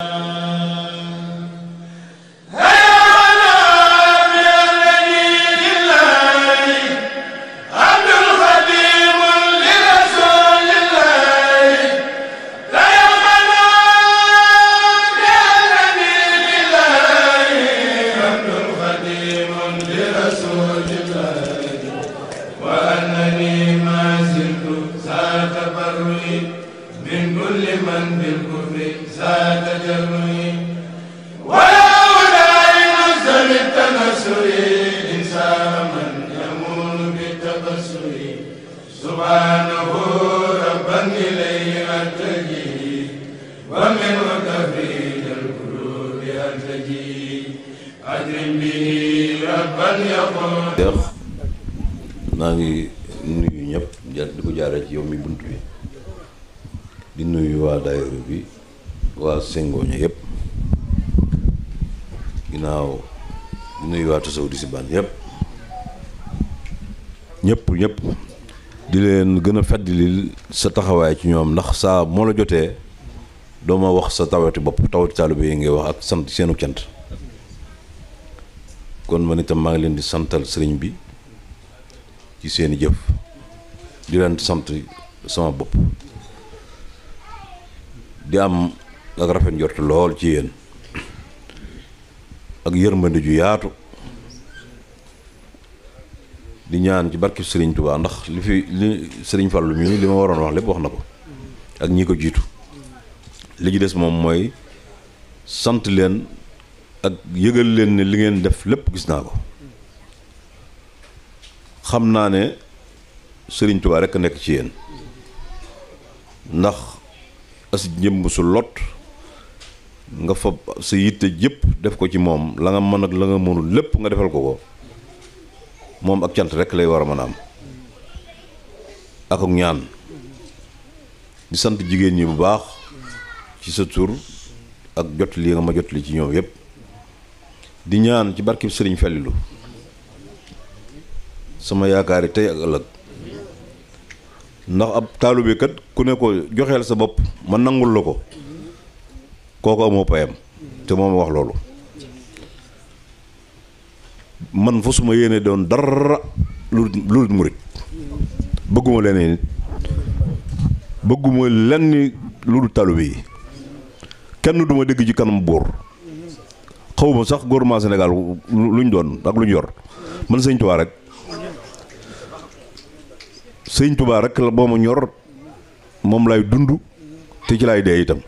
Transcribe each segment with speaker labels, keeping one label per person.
Speaker 1: Thank you. maa ngi nuyu ñëpp di ko jaaree ci yow mi bunt bi di nuyu waa daayira bi waa Sengoña yëpp ginnaaw di nuyu waa Tasawu di si baan yëpp ñëpp ñëpp di leen gën a feddali sa taxawaay ci ñoom ndax saa moo la jotee doo ma wax sa tawati bopp tawati taalibe yi ngay wax ak sant seenu cant kon ma itam maa ngi leen di santal sëriñ bi ci seeni jëf di leen sant sama bopp di am ak rafet njort lool ci yéen ak yërmande ju yaatu di ñaan ci barki Serigne Touba ndax li fi li Serigne Fallou mii li ma waroon wax lépp wax na ko ak ñi ko jiitu li ci des moom mooy sant leen ak yëgal leen ne li ngeen def lépp gis naa ko xam naa ne Serigne Touba rekk nekk ci yéen ndax as jëmb su lot nga fab sa yitte yëpp def ko ci moom la nga mën ak la nga mënul lépp nga defal ko ko moom ak cant rek lay war a mën a am ak ak ñaan di sant jigéen ñi bu baax ci sa tur ak jot li nga ma jot li ci ñoom yëpp di ñaan ci barkib sëriñ Falilu sama yaakaar yi tey ak ëllëg ndax ab taalu bi ku ne ko joxeel sa bopp ma nangul la ko kooku amoo payam te moom wax loolu man fa suma yéene doon dara lu lu murit bëgguma leneen bëgguma lenn lu du taalibe yi kenn duma dégg ci kanam buur xawma sax gouvernement Sénégal luñ doon ak lu ñu yor man sëñ Tuubaa rek sëñ Tuubaa rek la boo ma ñor moom lay dund te ci lay dee itam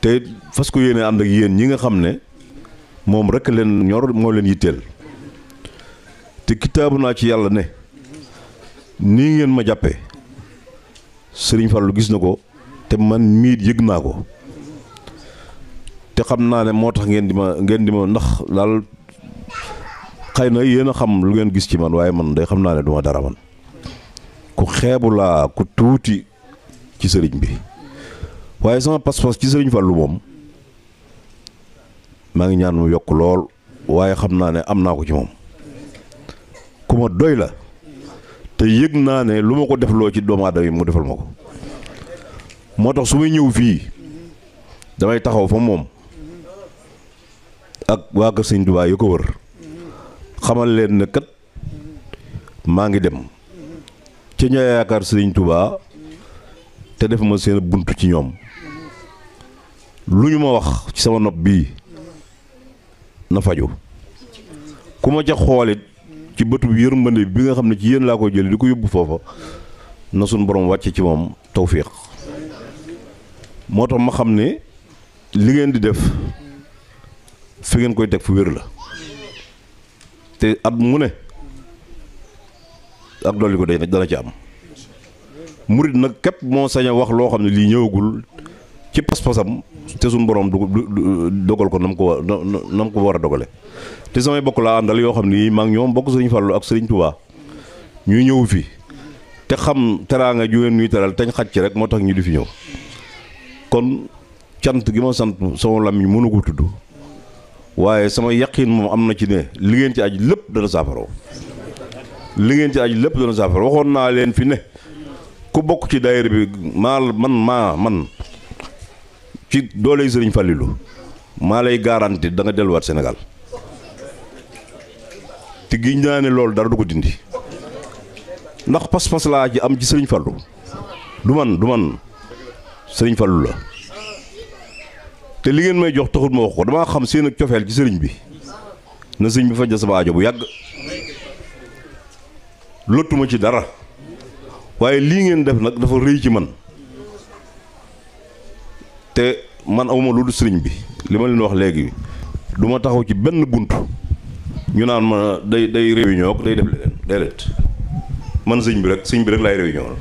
Speaker 1: te fas ko yéene ànd ak yéen ñi nga xam ne moom rek leen ñor moo leen yitteel te kitaabu naa ci yàlla ne nii ngeen ma jàppee sëriñ Fallou gis na ko te man miit yëg naa ko te xam naa ne moo tax ngeen di ma ngeen di ma ndax daal xay na yéen a xam lu ngeen gis ci man waaye man day xam naa ne duma dara man ku xeebu laa ku tuuti ci sëriñ bi waaye sama pas-pas ci sëriñ Fallou moom maa ngi ñaan mu yokk lool waaye xam naa ne am naa ko ci moom ku ma doy la te yëg naa ne lu ma ko defloo ci doomu aadama yi mu defal ma ko moo tax su may ñëw fii damay taxaw fa moom ak waa kër sëñ Tuubaa ko wër xamal leen ne maa ngi dem ci ña yaakaar sëriñ tubaa te def ma seen bunt ci ñoom lu ñu ma wax ci sama nopp bii na faju ku ma ca xoolit ci bëtu yërmande bi nga xam ne ci yéen laa ko jël di ko yóbbu foofa na suñ borom wàcce ci moom tawfiq moo tax ma xam ne li ngeen di def fi ngeen koy teg fu wér la te at mu ne ak dolli ko day dana ci am murit nag képp moo sañ wax loo xam ne lii ñëwagul ci pas-pasam te suñu borom du dogal ko nam mu ko war na ko war a dogale te samay bokk laa àndal yoo xam ni maa ngi ñoom bokk sëriñ Fallou ak sëriñ Touba ñuy ñëw fi te xam teraanga juween ñuy teral teñ xaj ci rek moo tax ñu di fi ñëw kon cant gi ma sant sama lam yi mënu ko tudd waaye sama yaqin moom am na ci ne li ci aj lépp dana saafaroo li ngeen ci aj lépp dana saafara waxoon naa leen fi ne ku bokk ci daayira bi maa man maa man ci dooley Serigne Fallilou maa lay garanti da delluwaat Sénégal te giñ naa ne loolu dara du ko dindi ndax pas-pas ci am ci Serigne Fallou du man du man Serigne Fallou la te li ngeen may jox taxul ma wax ko damaa xam seen ak cofeel ci sëriñ bi na sëriñ bi faj na aajo bu yàgg lottuma ci dara waaye lii ngeen def nag dafa rëy ci man te man amuma lu dul sëriñ bi li ma leen wax léegi du ma taxaw ci benn bunt ñu naan ma day day réunion day def leneen déedéet man sëñ bi rek sëñ bi rek laay réunion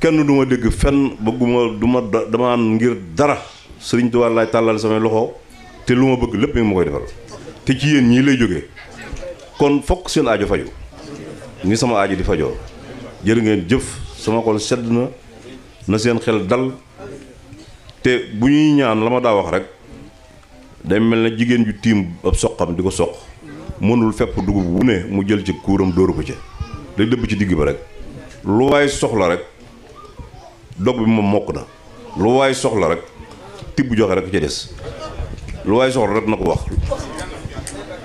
Speaker 1: kenn du ma dégg fenn bëgguma duma ma dama ngir dara sëriñ Tuubaa laay tàllal samay loxo te lu ma bëgg lépp mi ma koy defal te ci yéen ñii lay jóge kon fokk seen aajo fajo ni sama aajo di fajoo jërë ngeen jëf sama xol sedd na na seen xel dal te bu ñuy ñaan la ma daa wax rek day mel na jigéen ju tiim ab soqam di ko soq mënul fepp dugub bu ne mu jël ci kuuram dóoru ko ca day dëbb ci digg ba rek lu waay soxla rek dog bi moom mokk na lu waay soxla rek tibb joxe rek ca des lu waay soxla rek na ko wax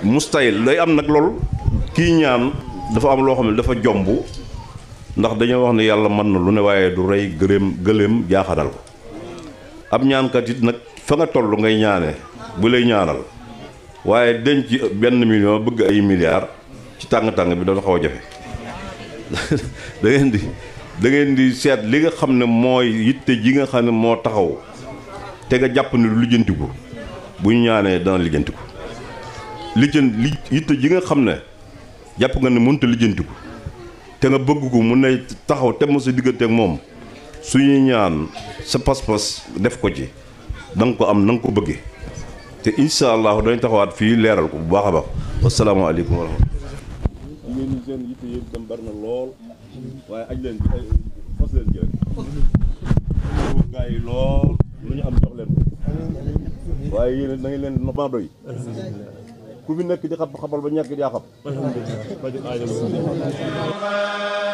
Speaker 1: mustayil day am nag loolu kii ñaan dafa am loo xam ne dafa jomb ndax dañoo wax ne yàlla mën na lu ne waaye du rey gëléem gëléem jaaxadal ko ab ñaankat it nag fa nga toll ngay ñaane bu lay ñaanal waaye denc benn million bëgg ay milliards ci tàng-tàng bi dafa xaw a jafe da di da ngeen di seet li nga xam ne mooy yitte ji nga xam ne moo taxaw te nga jàpp ne lu lijjantiku bu ñu ñaanee dana lijjantiku lijjan yitte ji nga xam ne jàpp nga ne mënut a lijjantiku te nga bëgg ko mun na taxaw te mu sa moom suñu ñaan sa pas-pas def ko ci da ko am na nga ko bëggee te incha allahu dañ taxawaat fii leeral ko bu baax a baax wasalaamaaleykum wa rahmatulah. ngeen na lool waaye aj leen ci ay fas leen ci lool lu ñu am jox leen waaye yéen da ngeen leen nopaa doy ku fi nekk di xam xabal ba ñàkk yaa xam